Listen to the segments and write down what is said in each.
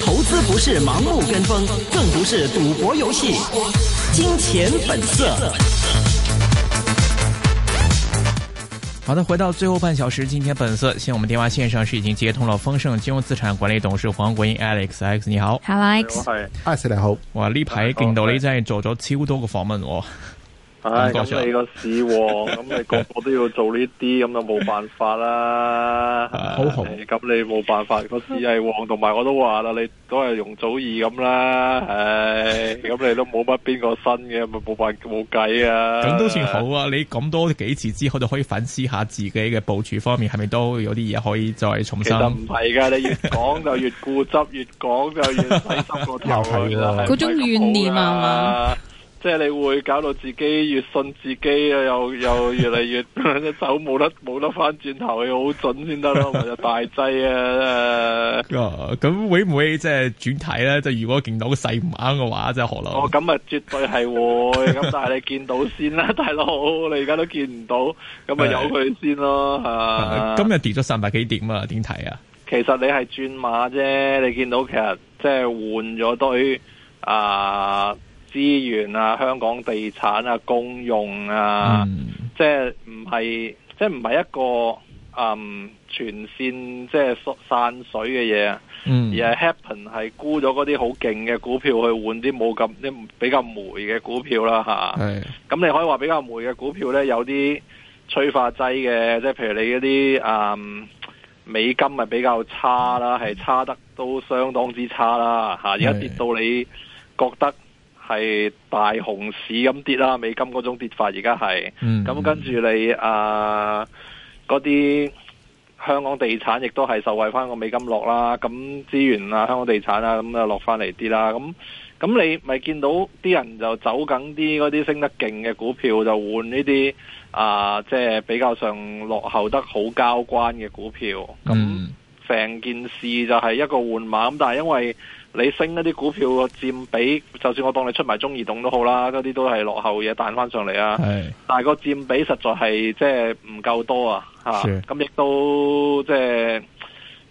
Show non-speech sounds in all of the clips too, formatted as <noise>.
投資不是盲目跟風，更不是賭博遊戲。金錢本色。好的，回到最後半小時，金錢本色。現在我們電話線上是已經接通了豐盛金融資產管理董事黃國英 Alex，Alex 你好 hello Alex 係 Alex 你好。哇、okay. wow, to，呢排勁努力在做咗超多個訪問哦。唉，咁、哎、你，你個市旺，咁你個個都要做呢啲，咁就冇辦法啦。好紅、 <laughs> 哎，咁你冇辦法，個市係旺，同埋我都話啦，你都係容祖兒咁啦。唉、哎，咁你都冇乜邊個新嘅，咪冇辦冇計啊。咁都算好啊！你講多幾次之後就可以反思下自己嘅部署方面，係咪都有啲嘢可以再重新。其實唔係噶，你越講就越固執， <laughs> 越講就越細心過頭 <laughs> 啦。又係啦，嗰種怨念啊嘛。即係你會搞到自己越信自己又，又又越嚟越 <laughs> <laughs> 走冇得冇得翻轉頭，要好準先得咯，咪 <laughs> 就大劑啊。咁、呃哦、會唔會即係轉軚咧？即、就、係、是、如果見到細馬嘅話，即、就、係、是、何老？哦，咁啊，絕對係會。咁 <laughs> 但係你見到先啦，大佬，你而家都見唔到，咁咪由佢先咯。 <laughs> 啊，今日跌咗三百幾點啊？點睇啊？其實你係轉馬啫，你見到其實即係換咗對啊。資源啊，香港地產啊，公用啊，即係唔係即係唔係一個嗯全線即係散水嘅嘢啊，而係 happen 係沽咗嗰啲好勁嘅股票去換啲冇咁啲比較霉嘅股票啦吓，咁你可以話比較霉嘅股票咧有啲催化劑嘅，即係譬如你嗰啲嗯美金咪比較差啦，係，嗯，差得都相當之差啦吓，而家跌到你覺得？係大熊市咁跌啦，美金嗰種跌法而家係，咁、嗯、跟住你啊，嗰、呃、啲香港地產亦都係受惠翻個美金落啦，咁資源啊、香港地產啊咁啊落翻嚟啲啦，咁咁你咪見到啲人就走緊啲嗰啲升得勁嘅股票就換、呃，就換呢啲啊，即係比較上落後得好交關嘅股票，咁、嗯、成件事就係一個換馬，咁但係因為。你升一啲股票個佔比，就算我當你出埋中移動好都好啦，嗰啲都係落後嘢彈翻上嚟啊。係，但係個佔比實在係即係唔夠多啊。嚇，咁亦都即係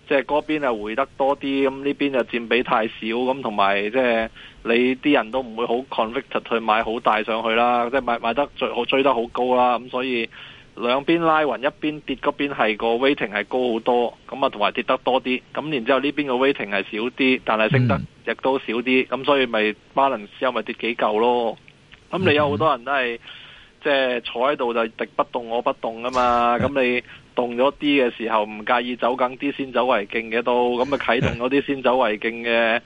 即係嗰邊啊回得多啲，咁呢邊就佔比太少，咁同埋即係你啲人都唔會好 confident 去買好大上去啦，即係買買得最好追得好高啦，咁所以。兩邊拉勻，一邊跌邊，嗰邊係個 weighting 係高好多，咁啊，同埋跌得多啲，咁然之後呢邊個 weighting 係少啲，但係升得亦都少啲，咁、嗯、所以咪 balance 又咪跌幾嚿咯。咁你有好多人都係即係坐喺度就敵不動我不動噶嘛，咁你動咗啲嘅時候唔介意走緊啲先走為敬嘅都，咁咪啟動嗰啲先走為敬嘅。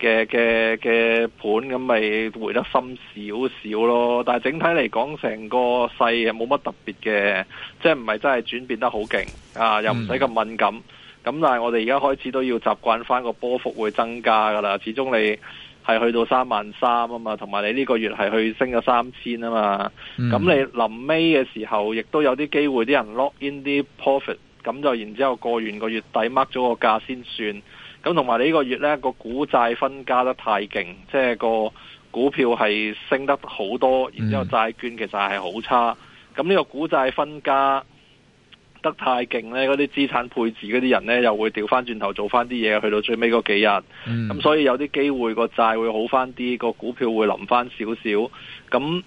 嘅嘅嘅盤咁咪回得深少少咯，但係整體嚟講，成個勢冇乜特別嘅，即係唔係真係轉變得好勁啊？又唔使咁敏感。咁、嗯、但係我哋而家開始都要習慣翻個波幅會增加噶啦。始終你係去到三萬三啊嘛，同埋你呢個月係去升咗三千啊嘛。咁你臨尾嘅時候，亦都有啲機會啲人 lock in 啲 profit，咁就然之後過完個月底 mark 咗個價先算。咁同埋呢個月呢，個股債分家得太勁，即、就、係、是，個股票係升得好多，然之後債券其實係好差。咁、嗯、呢個股債分家得太勁呢，嗰啲資產配置嗰啲人呢，又會調翻轉頭做翻啲嘢，去到最尾嗰幾日。咁、嗯、所以有啲機會個債會好翻啲，個股票會冧翻少少。咁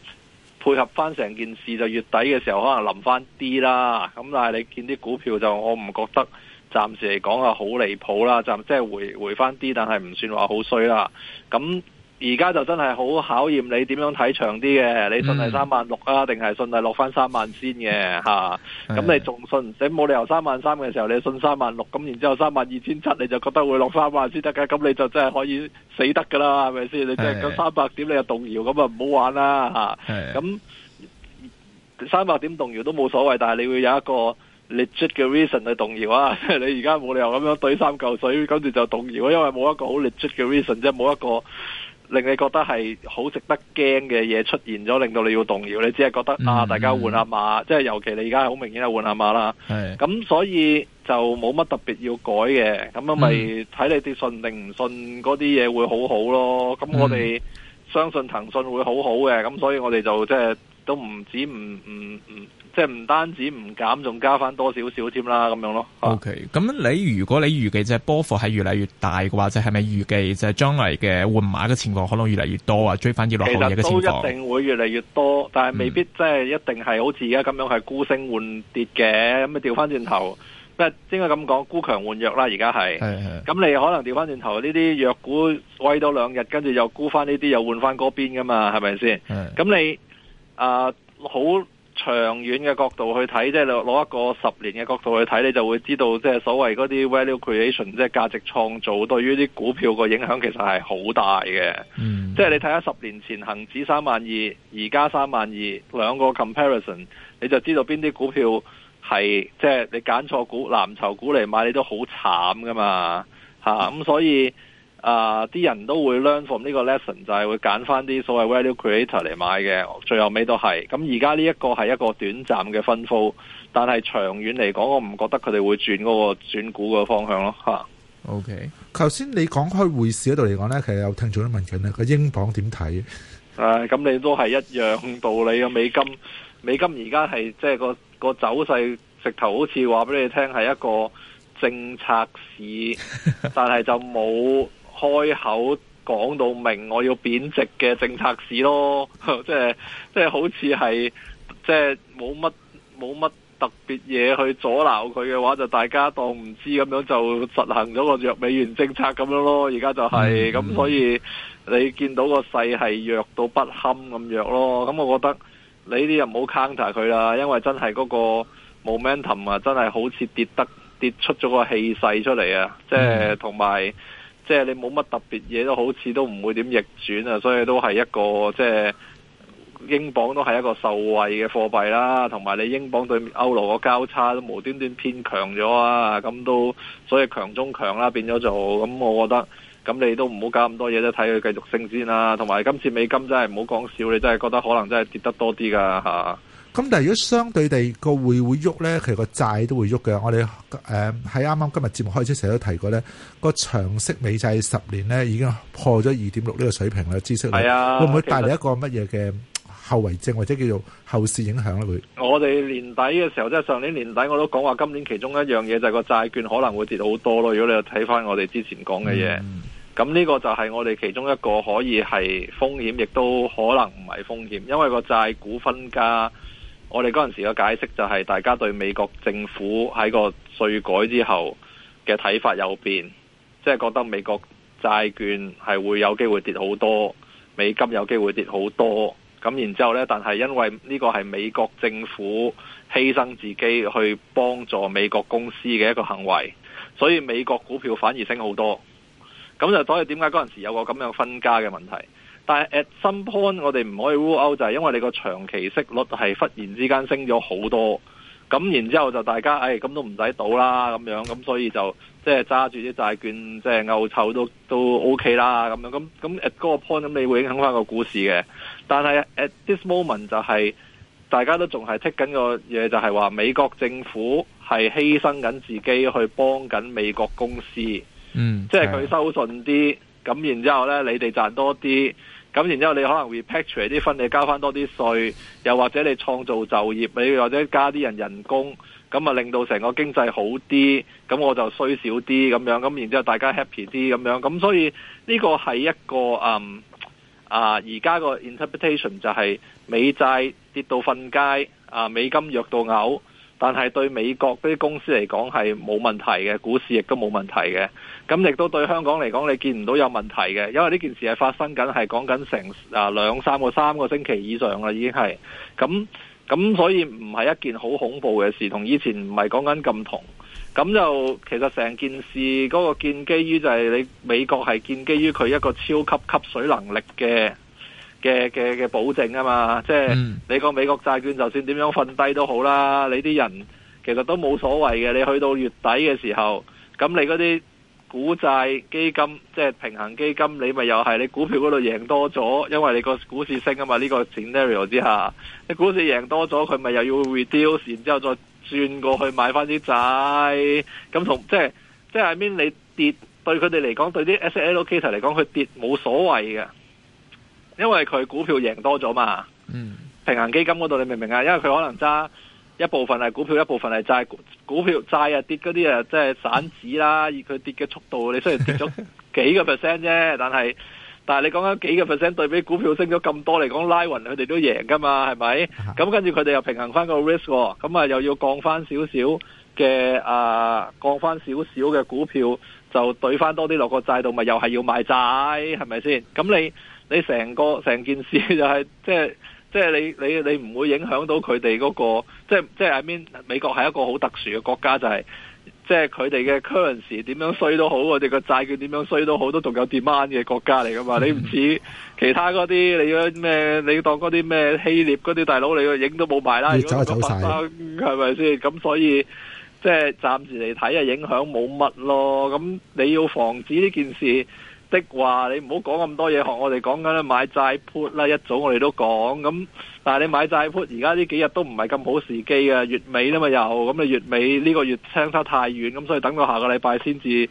配合翻成件事，就月底嘅時候可能冧翻啲啦。咁但係你見啲股票就我唔覺得。暫時嚟講啊，好離譜啦！暫即係回回翻啲，但係唔算話好衰啦。咁而家就真係好考驗你點樣睇長啲嘅。你信係三萬六啊，定、嗯、係信係落翻三萬先嘅嚇？咁、嗯啊、你仲信？你冇理由三萬三嘅時候你信三萬六，咁然之後三萬二千七你就覺得會落三萬先得嘅？咁你就真係可以死得噶啦，係咪先？你即係咁三百點你又動搖，咁啊唔好玩啦嚇！咁三百點動搖都冇所謂，但係你會有一個。legit 嘅 reason 去動搖啊！你而家冇理由咁樣懟三嚿水，跟住就動搖，啊，因為冇一個好 legit 嘅 reason 啫，冇一個令你覺得係好值得驚嘅嘢出現咗，令到你要動搖。你只係覺得，嗯、啊，大家換下馬，即、嗯、係尤其你而家係好明顯係換下馬啦。係咁、嗯，所以就冇乜特別要改嘅。咁、就、啊、是，咪睇你啲信定唔信，嗰啲嘢會好好咯。咁我哋相信騰訊會好好嘅，咁所以我哋就即係。都唔止唔唔唔，即係唔單止唔減，仲加翻多少少添啦，咁樣咯。O K，咁你如果你預計隻波幅係越嚟越大嘅話，即係咪預計就將來嘅換馬嘅情況可能越嚟越多啊？追翻啲落行業嘅情況。其實都一定會越嚟越多，但係未必即係一定係好似而家咁樣係沽升換跌嘅咁，咪調翻轉頭。即係應該咁講，沽強換弱啦，而家係。係係。咁你可能調翻轉頭呢啲弱股威多兩日，跟住又沽翻呢啲，又換翻嗰邊噶嘛？係咪先？嗯。咁你？啊，好長遠嘅角度去睇，即係攞攞一個十年嘅角度去睇，你就會知道，即係所謂嗰啲 value creation，即係價值創造，對於啲股票個影響其實係好大嘅。嗯，即係你睇下十年前恒指三萬二，而家三萬二，兩個 comparison，你就知道邊啲股票係，即係你揀錯股藍籌股嚟買，你都好慘噶嘛！吓，嗯，咁，啊，所以。啊！啲人都會 learn from 呢個 lesson，就係會揀翻啲所謂 value creator 嚟買嘅，最後尾都係。咁而家呢一個係一個短暫嘅分佈，但係長遠嚟講，我唔覺得佢哋會轉嗰個轉股嘅方向咯。嚇。OK。頭先你講開匯市嗰度嚟講呢，其實有聽眾都問緊咧，個英鎊點睇？咁、啊、你都係一樣道理嘅美金，美金而家係即係個個走勢直頭好似話俾你聽係一個政策市，但係就冇。 <laughs> 開口講到明，我要貶值嘅政策市咯，即係即係好似係即係冇乜冇乜特別嘢去阻撓佢嘅話，就大家當唔知咁樣就實行咗個弱美元政策咁樣咯。而家就係、是、咁，mm -hmm. 所以你見到個勢係弱到不堪咁弱咯。咁我覺得你呢啲就唔好 counter 佢啦，因為真係嗰個 momentum 啊，真係好似跌得跌出咗個氣勢出嚟啊！即係同埋。Mm -hmm. 即係你冇乜特別嘢都好似都唔會點逆轉啊，所以都係一個即係英鎊都係一個受惠嘅貨幣啦，同埋你英鎊對歐羅個交叉都無端端偏強咗啊，咁都所以強中強啦，變咗做咁我覺得咁你都唔好搞咁多嘢都睇佢繼續升先啦，同埋今次美金真係唔好講笑，你真係覺得可能真係跌得多啲噶吓。咁但係如果相對地個匯會喐呢，其實個債都會喐嘅。我哋誒喺啱啱今日節目開始時都提過呢，個長息美債十年呢已經破咗二點六呢個水平啦，知識啦，會唔會帶嚟一個乜嘢嘅後遺症或者叫做後市影響呢？會？我哋年底嘅時候即係上年年底我都講話，今年其中一樣嘢就係個債券可能會跌好多咯。如果你睇翻我哋之前講嘅嘢，咁呢個就係我哋其中一個可以係風險，亦都可能唔係風險，因為個債股分家。我哋嗰陣時嘅解釋就係，大家對美國政府喺個稅改之後嘅睇法有變，即係覺得美國債券係會有機會跌好多，美金有機會跌好多。咁然之後咧，但係因為呢個係美國政府犧牲自己去幫助美國公司嘅一個行為，所以美國股票反而升好多。咁就所以點解嗰陣時有個咁樣分家嘅問題？但係 at some point 我哋唔可以 rule out，就係因為你個長期息率係忽然之間升咗好多，咁然之後就大家，哎，咁都唔使賭啦，咁樣，咁所以就即係揸住啲債券，即係拗臭都都 O K 啦，咁樣，咁咁 at 嗰個 point 咁，你會影響翻個股市嘅。但係 at this moment 就係、是、大家都仲係 tick 緊個嘢，就係、是、話美國政府係犧牲緊自己去幫緊美國公司，嗯，即係佢收信啲，咁然之後咧，你哋賺多啲。咁然之後你可能會擗出嚟啲 fund，你交翻多啲稅，又或者你創造就業，你或者加啲人人工，咁啊令到成個經濟好啲，咁我就衰少啲咁樣，咁然之後大家 happy 啲咁樣，咁所以呢個係一個嗯啊而家個 interpretation 就係美債跌到瞓街，啊美金弱到嘔。但係對美國啲公司嚟講係冇問題嘅，股市亦都冇問題嘅。咁亦都對香港嚟講，你見唔到有問題嘅，因為呢件事係發生緊，係講緊成啊兩三個、三個星期以上啦，已經係咁咁，咁咁所以唔係一件好恐怖嘅事，同以前唔係講緊咁同。咁就其實成件事嗰個建基於就係你美國係建基於佢一個超級吸水能力嘅。嘅嘅嘅保證啊嘛，即係你個美國債券就算點樣瞓低都好啦，你啲人其實都冇所謂嘅。你去到月底嘅時候，咁你嗰啲股債基金，即係平衡基金，你咪又係你股票嗰度贏多咗，因為你個股市升啊嘛。呢個 scenario 之下，你股市贏多咗，佢咪又要 reduce，然之後再轉過去買翻啲債。咁同即係即係喺邊你跌，對佢哋嚟講，對啲 SLK 嚟講，佢跌冇所謂嘅。因為佢股票贏多咗嘛，嗯、平衡基金嗰度你明唔明啊？因為佢可能揸一部分係股票，一部分係債，股票債啊跌嗰啲啊，即係散紙啦。以佢跌嘅速度，你雖然跌咗幾個 percent 啫， <laughs> 但係但係你講緊幾個 percent 對比股票升咗咁多嚟講，拉匀佢哋都贏噶嘛，係咪？咁 <laughs> 跟住佢哋又平衡翻個 risk，咁、哦、啊又要降翻少少。嘅啊，降翻少少嘅股票就懟翻多啲落個債度，咪又係要賣債，係咪先？咁你你成個成件事就係、是、即係即係你你你唔會影響到佢哋嗰個，即係即係喺邊？美國係一個好特殊嘅國家，就係、是、即係佢哋嘅 currency 點樣衰都好，我哋個債券點樣衰都好，都仲有 demand 嘅國家嚟噶嘛？你唔似其他嗰啲，你要咩你要當嗰啲咩希臘嗰啲大佬，你影都冇賣啦，走走晒，係咪先？咁所以。即係暫時嚟睇下，影響冇乜咯。咁你要防止呢件事的話，你唔好講咁多嘢，學我哋講緊啦，買債 put 啦，一早我哋都講。咁但係你買債 put，而家呢幾日都唔係咁好時機嘅，月尾啦嘛又，咁你月尾呢個月相差太遠，咁所以等到下個禮拜先至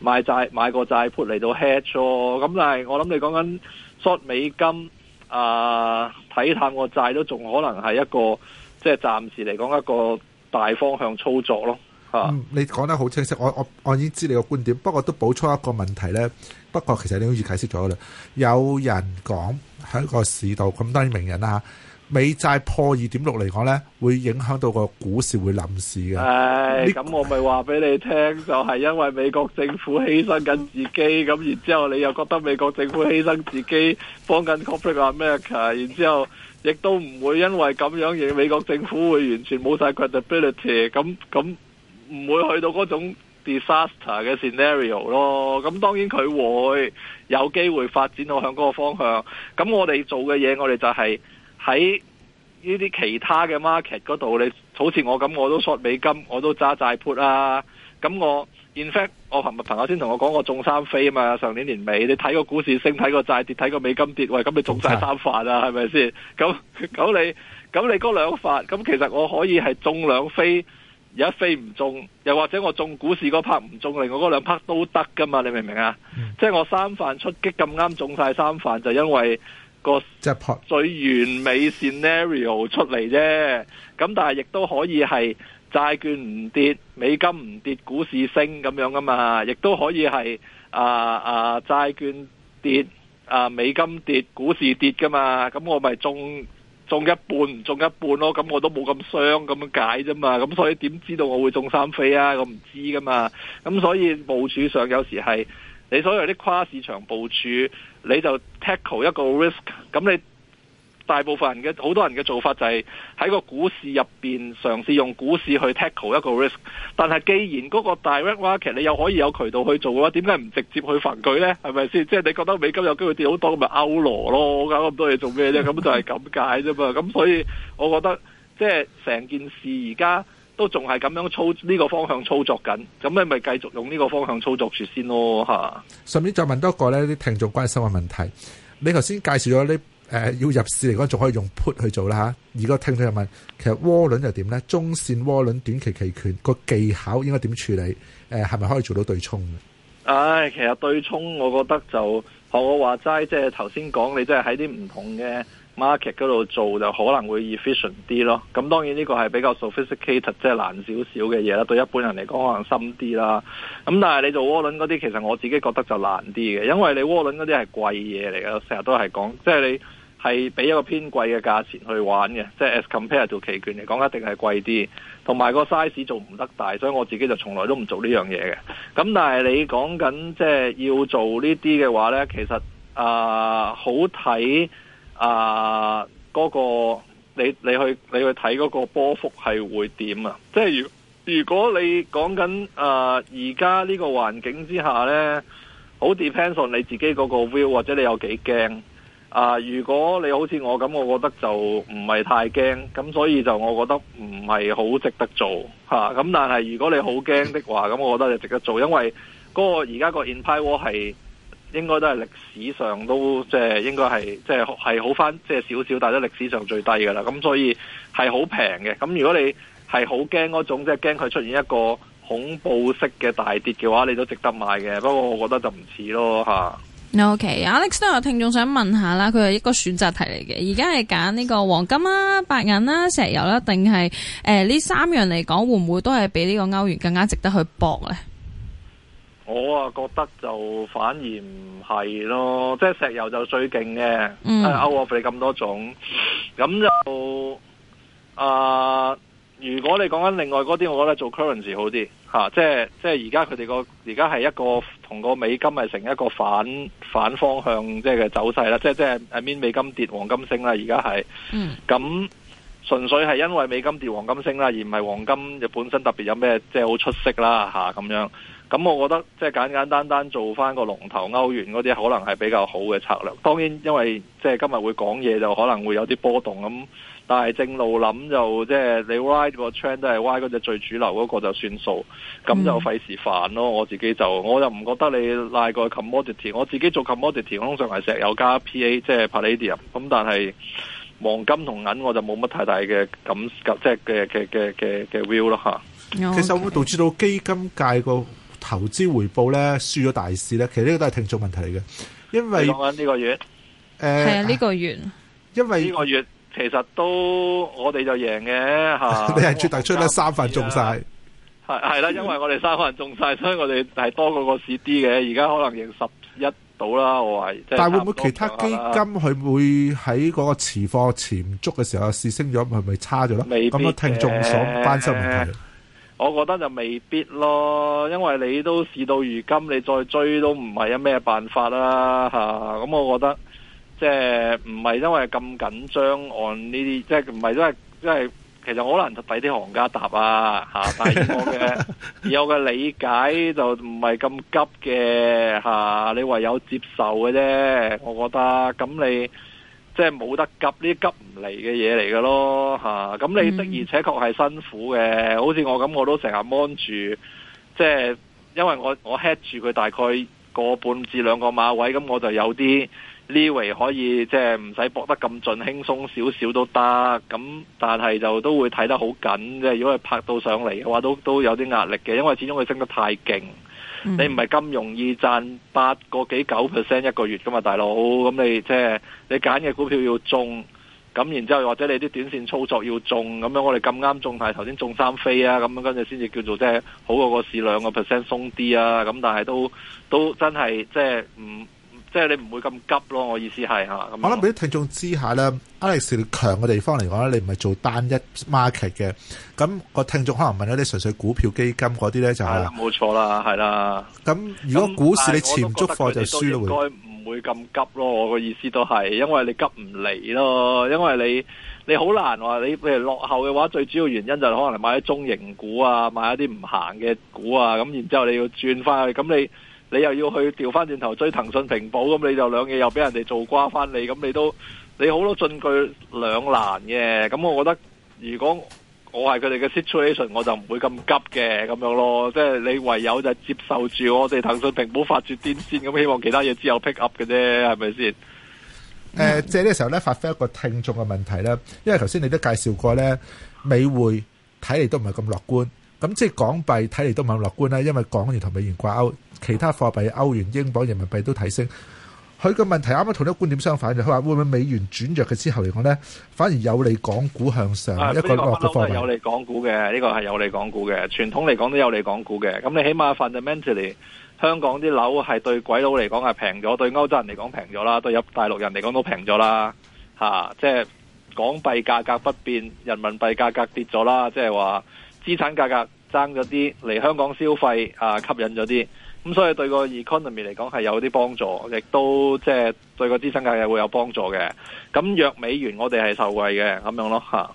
買債買個債 put 嚟到 hedge 咯。咁但係我諗你講緊 short 美金啊，睇淡個債都仲可能係一個即係暫時嚟講一個。暫時大方向操作咯。吓，你講得好清晰，我我我已經知你個觀點，不過都補充一個問題咧。不過其實你好似解釋咗啦，有人講喺個市道咁多名人啊。美債破二點六嚟講呢，會影響到個股市會臨時嘅。咁、哎、我咪話俾你聽，就係、是、因為美國政府犧牲緊自己，咁然之後你又覺得美國政府犧牲自己幫緊 Corporate America，然後之後亦都唔會因為咁樣而美國政府會完全冇晒 credibility，咁咁唔會去到嗰種 disaster 嘅 scenario 咯。咁當然佢會有機會發展到向嗰個方向。咁我哋做嘅嘢，就是，我哋就係。喺呢啲其他嘅 market 嗰度，你好似我咁，我都索美金，我都揸債 put 啊。咁我 in fact，我琴日朋友先同我講，我中三飛啊嘛。上年年尾，你睇個股市升，睇個債跌，睇個美金跌，喂，咁你中晒三發啊，係咪先？咁，咁你，咁你嗰兩發，咁其實我可以係中兩飛，而家飛唔中，又或者我中股市嗰 part 唔中，另外嗰兩 part 都得噶嘛？你明唔明啊？即係，嗯，我三發出擊咁啱中晒三發，就因為。個最完美 scenario 出嚟啫，咁但係亦都可以係債券唔跌，美金唔跌、股市升咁樣噶嘛，亦都可以係啊啊債券跌啊，美金跌、股市跌噶嘛，咁我咪中中一半唔中一半咯，咁我都冇咁傷咁樣解啫嘛。咁所以點知道我會中三飛啊？我唔知噶嘛，咁所以部署上有時係你所謂啲跨市場部署。你就 tackle 一個 risk，咁你大部分人嘅好多人嘅做法就係喺個股市入邊嘗試用股市去 tackle 一個 risk，但係既然嗰個 direct market 你又可以有渠道去做嘅話，點解唔直接去罰佢咧？係咪先？即係你覺得美金有機會跌好多，咁咪歐羅咯？我搞咁多嘢做咩啫？咁就係咁解啫嘛。咁所以我覺得即係成件事而家。都仲係咁樣操呢、呢個方向操作緊，咁你咪繼續用呢個方向操作住先咯吓。順便再問多一個呢啲聽眾關心嘅問題，你頭先介紹咗呢，誒，要入市嚟講，仲可以用 put 去做啦吓。而、啊、個聽眾又問，其實渦輪又點咧？中線渦輪短期期權個技巧應該點處理？誒、呃，係咪可以做到對沖？唉、哎，其實對沖，我覺得就學我話齋，即係頭先講，你真係喺啲唔同嘅。market 嗰度做就可能會 efficient 啲咯。咁當然呢個係比較 sophisticated，即係難少少嘅嘢啦。對一般人嚟講，可能深啲啦。咁但係你做窩輪嗰啲，其實我自己覺得就難啲嘅，因為你窩輪嗰啲係貴嘢嚟嘅，成日都係講即係你係俾一個偏貴嘅價錢去玩嘅，即係 as compared 做期權嚟講一定係貴啲，同埋個 size 做唔得大，所以我自己就從來都唔做呢樣嘢嘅。咁但係你講緊即係要做呢啲嘅話呢，其實啊、呃，好睇。啊，嗰、那個你你去你去睇嗰個波幅係會點啊？即係如如果你講緊啊，而家呢個環境之下呢，好 depends on 你自己嗰個 view 或者你有幾驚啊？如果你好似我咁，我覺得就唔係太驚，咁所以就我覺得唔係好值得做吓。咁、啊、但係如果你好驚的話，咁我覺得你值得做，因為嗰、那個而家個 in 派窩係。應該都係歷史上都即係應該係即係係好翻即係少少，但係都歷史上最低㗎啦。咁所以係好平嘅。咁如果你係好驚嗰種，即係驚佢出現一個恐怖式嘅大跌嘅話，你都值得買嘅。不過我覺得就唔似咯嚇。OK，Alex、okay，呢個聽眾想問下啦，佢係一個選擇題嚟嘅，而家係揀呢個黃金啦、白銀啦、石油啦，定係誒呢三樣嚟講，會唔會都係比呢個歐元更加值得去搏咧？我啊覺得就反而唔係咯，即係石油就最勁嘅，啊、嗯，歐 f 你咁多種，咁就啊、呃，如果你講緊另外嗰啲，我覺得做 currency 好啲吓，即係即係而家佢哋個而家係一個同個美金係成一個反反方向即係嘅走勢啦，即係即係誒，n 美金跌，黃金升啦，而家係，咁、嗯、純粹係因為美金跌，黃金升啦，而唔係黃金就本身特別有咩即係好出色啦吓咁樣。咁我覺得即係簡簡單單做翻個龍頭歐元嗰啲，可能係比較好嘅策略。當然，因為即係今日會講嘢，就可能會有啲波動咁。但係正路諗就即係、就是、你 ride 嗰個 trend 都係 ride 嗰隻最主流嗰個就算數。咁、嗯、就費事煩咯。我自己就我又唔覺得你拉過 commodity，我自己做 commodity，通常係石油加 PA，即係 palladium。咁但係黃金同銀我就冇乜太大嘅感即係嘅嘅嘅嘅嘅 view 咯、okay。其實會導致到基金界個。投資回報咧輸咗大市咧，其實呢個都係聽眾問題嚟嘅，因為講緊呢、嗯呢個月，誒、呃、係啊呢、呢個月，因為呢、呢個月其實都我哋就贏嘅、啊、你係絕對出咧、啊、三份中晒，係係啦，因為我哋三份中晒，所以我哋係多過個市啲嘅，而家可能贏十一到啦，我話。但係會唔會其他基金佢會喺嗰個持貨潛足嘅時候市升咗，係咪差咗啦？咁嘅聽眾所關心問題。嗯我覺得就未必咯，因為你都事到如今，你再追都唔係有咩辦法啦吓。咁、啊、我覺得即係唔係因為咁緊張按呢啲，即係唔係都係即係。其實我好難替啲行家答啊吓、啊，但係我嘅有嘅理解就唔係咁急嘅吓、啊，你唯有接受嘅啫。我覺得咁你。即係冇得急，呢啲急唔嚟嘅嘢嚟嘅咯，吓、啊、咁你的而且確係辛苦嘅、嗯，好似我咁，我都成日 mon 住，即係因為我我 head 住佢大概個半至兩個馬位，咁我就有啲 leeway 可以即係唔使搏得咁盡，輕鬆少少都得，咁但係就都會睇得好緊，即係如果佢拍到上嚟嘅話，都都有啲壓力嘅，因為始終佢升得太勁。你唔係咁容易賺八個幾九 percent 一個月噶嘛，大佬？咁你即係、就是、你揀嘅股票要中，咁然之後或者你啲短綫操作要中，咁樣我哋咁啱中係頭先中三飛啊，咁樣跟住先至叫做即係、就是、好過個市兩個 percent 鬆啲啊，咁但係都都真係即係唔。就是即係你唔會咁急咯，我意思係嚇、嗯。我諗俾啲聽眾知下咧、啊、，Alex 強嘅地方嚟講咧，你唔係做單一 market 嘅。咁個聽眾可能問一啲純粹股票基金嗰啲咧，就係啦。冇錯啦，係啦。咁如果股市你潛足貨就輸咯該唔會咁急咯？我個意思都係，因為你急唔嚟咯。因為你你好難話你譬如落後嘅話，最主要原因就係可能買啲中型股啊，買一啲唔行嘅股啊，咁然之後你要轉翻去，咁你。你又要去調翻轉頭追騰訊平保，咁你就兩嘢又俾人哋做瓜翻你，咁你都你好多進退兩難嘅。咁我覺得如果我係佢哋嘅 situation，我就唔會咁急嘅咁樣咯。即係你唯有就接受住我哋騰訊平保發住癲先，咁希望其他嘢之後 pick up 嘅啫，係咪先？誒、呃，即係呢時候咧，發翻一個聽眾嘅問題咧，因為頭先你都介紹過咧，美匯睇嚟都唔係咁樂觀。咁即係港幣睇嚟都唔係咁樂觀啦，因為港元同美元掛鈎，其他貨幣歐元、英鎊、人民幣都提升。佢個問題啱啱同啲觀點相反，佢話會唔會美元轉弱嘅之後嚟講呢，反而有利港股向上？啊、一個樂觀嘅方面有利港股嘅，呢、這個係有利港股嘅。傳、這個、統嚟講都有利港股嘅。咁你起碼 fundamentally，香港啲樓係對鬼佬嚟講係平咗，對歐洲人嚟講平咗啦，對大陸人嚟講都平咗啦。嚇，即係港幣價格不變，人民幣價格跌咗啦，即係話。資產價格爭咗啲嚟香港消費啊，吸引咗啲，咁所以對個 economy 嚟講係有啲幫助，亦都即係、就是、對個資產價格會有幫助嘅。咁弱美元，我哋係受惠嘅，咁樣咯嚇。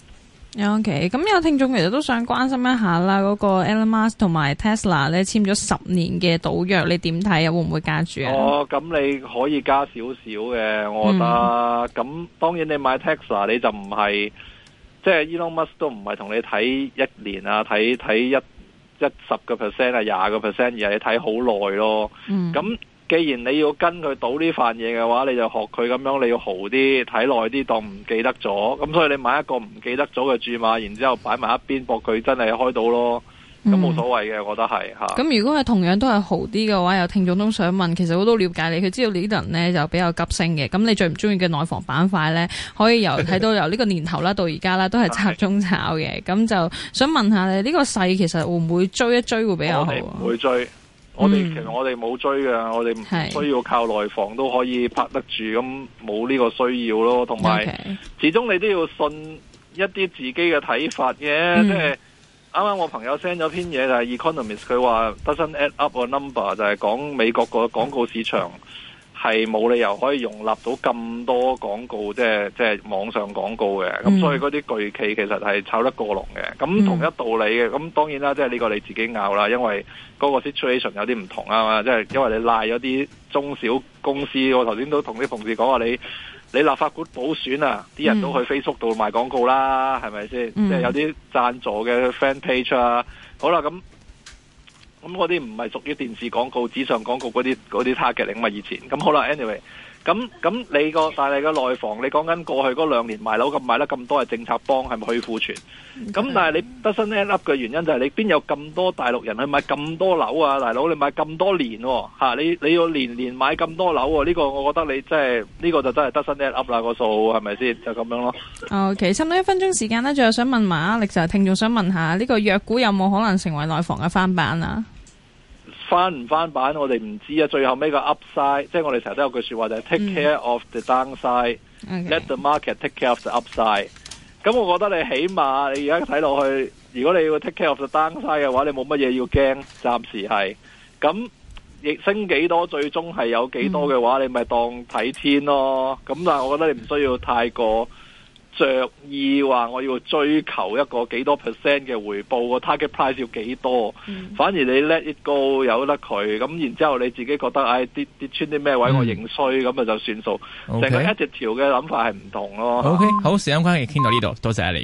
OK，咁有聽眾其實都想關心一下啦，嗰、那個 Elon Musk 同埋 Tesla 咧簽咗十年嘅賭約，你點睇啊？會唔會加注啊？哦，咁你可以加少少嘅，我覺得、啊。咁、嗯、當然你買 Tesla 你就唔係。即係 Elon Musk 都唔係同你睇一年啊，睇睇一一十個 percent 啊，廿個 percent，而係你睇好耐咯。咁、mm. 既然你要跟佢賭呢份嘢嘅話，你就學佢咁樣，你要豪啲睇耐啲，當唔記得咗。咁所以你買一個唔記得咗嘅注碼，然之後擺埋一邊博佢真係開到咯。咁、嗯、冇所謂嘅，我覺得係吓。咁、嗯啊、如果係同樣都係好啲嘅話，有聽眾都想問，其實我都了解你，佢知道你呢啲人咧就比較急升嘅。咁你最唔中意嘅內房板塊咧，可以由睇 <laughs> 到由呢個年頭啦到而家啦，都係集中炒嘅。咁就想問下你，呢、這個勢其實會唔會追一追會比較好？我哋唔會追，嗯、我哋其實我哋冇追㗎。我哋唔需要靠內房都可以拍得住，咁冇呢個需要咯。同埋，okay. 始終你都要信一啲自己嘅睇法嘅、嗯，即係。啱啱我朋友 send 咗篇嘢就係、是、economist，佢話 doesn't add up 個 number 就係講美國個廣告市場係冇理由可以容納到咁多廣告，即係即係網上廣告嘅，咁、嗯、所以嗰啲巨企其實係炒得過龍嘅，咁同一道理嘅，咁、嗯、當然啦，即係呢個你自己拗啦，因為嗰個 situation 有啲唔同啊嘛，即係、就是、因為你賴咗啲中小公司，我頭先都同啲同事講話你，你立法會補選啊，啲人都去 Facebook 度賣廣告啦，係咪先？即係、就是、有啲贊助嘅 Fan Page 啊，好啦，咁咁嗰啲唔係屬於電視廣告、紙上廣告嗰啲嗰啲 target 嚟啊嘛，以前咁好啦，Anyway。咁咁，你個大陸嘅內房，你講緊過去嗰兩年賣樓咁賣得咁多，係政策幫，係咪去庫存？咁、okay. 但係你得新一粒嘅原因就係你邊有咁多大陸人去買咁多樓啊？大佬你買咁多年、哦，吓你你要年年買咁多樓、啊？呢、這個我覺得你真係呢、這個就真係得新一粒啦，那個數係咪先？就咁樣咯。哦，其實差唔多一分鐘時間呢，仲有想問埋啊力就係聽眾想問下，呢、這個藥股有冇可能成為內房嘅翻版啊？翻唔翻版我哋唔知啊，最後尾個 Upside，即係我哋成日都有句說話就係、是嗯、Take care of the downside，let、okay. the market take care of the upside。咁我覺得你起碼你而家睇落去，如果你要 take care of the downside 嘅話，你冇乜嘢要驚，暫時係。咁亦升幾多，最終係有幾多嘅話，嗯、你咪當睇天咯。咁但係我覺得你唔需要太過。着意話我要追求一個幾多 percent 嘅回報，個 target price 要幾多、嗯，反而你 let it go 由得佢，咁然之後你自己覺得，唉、哎、跌跌穿啲咩位我認衰，咁、嗯、啊就算數，成個一直調嘅諗法係唔同咯。O、okay, K，好，時間關係傾到呢度，多謝你。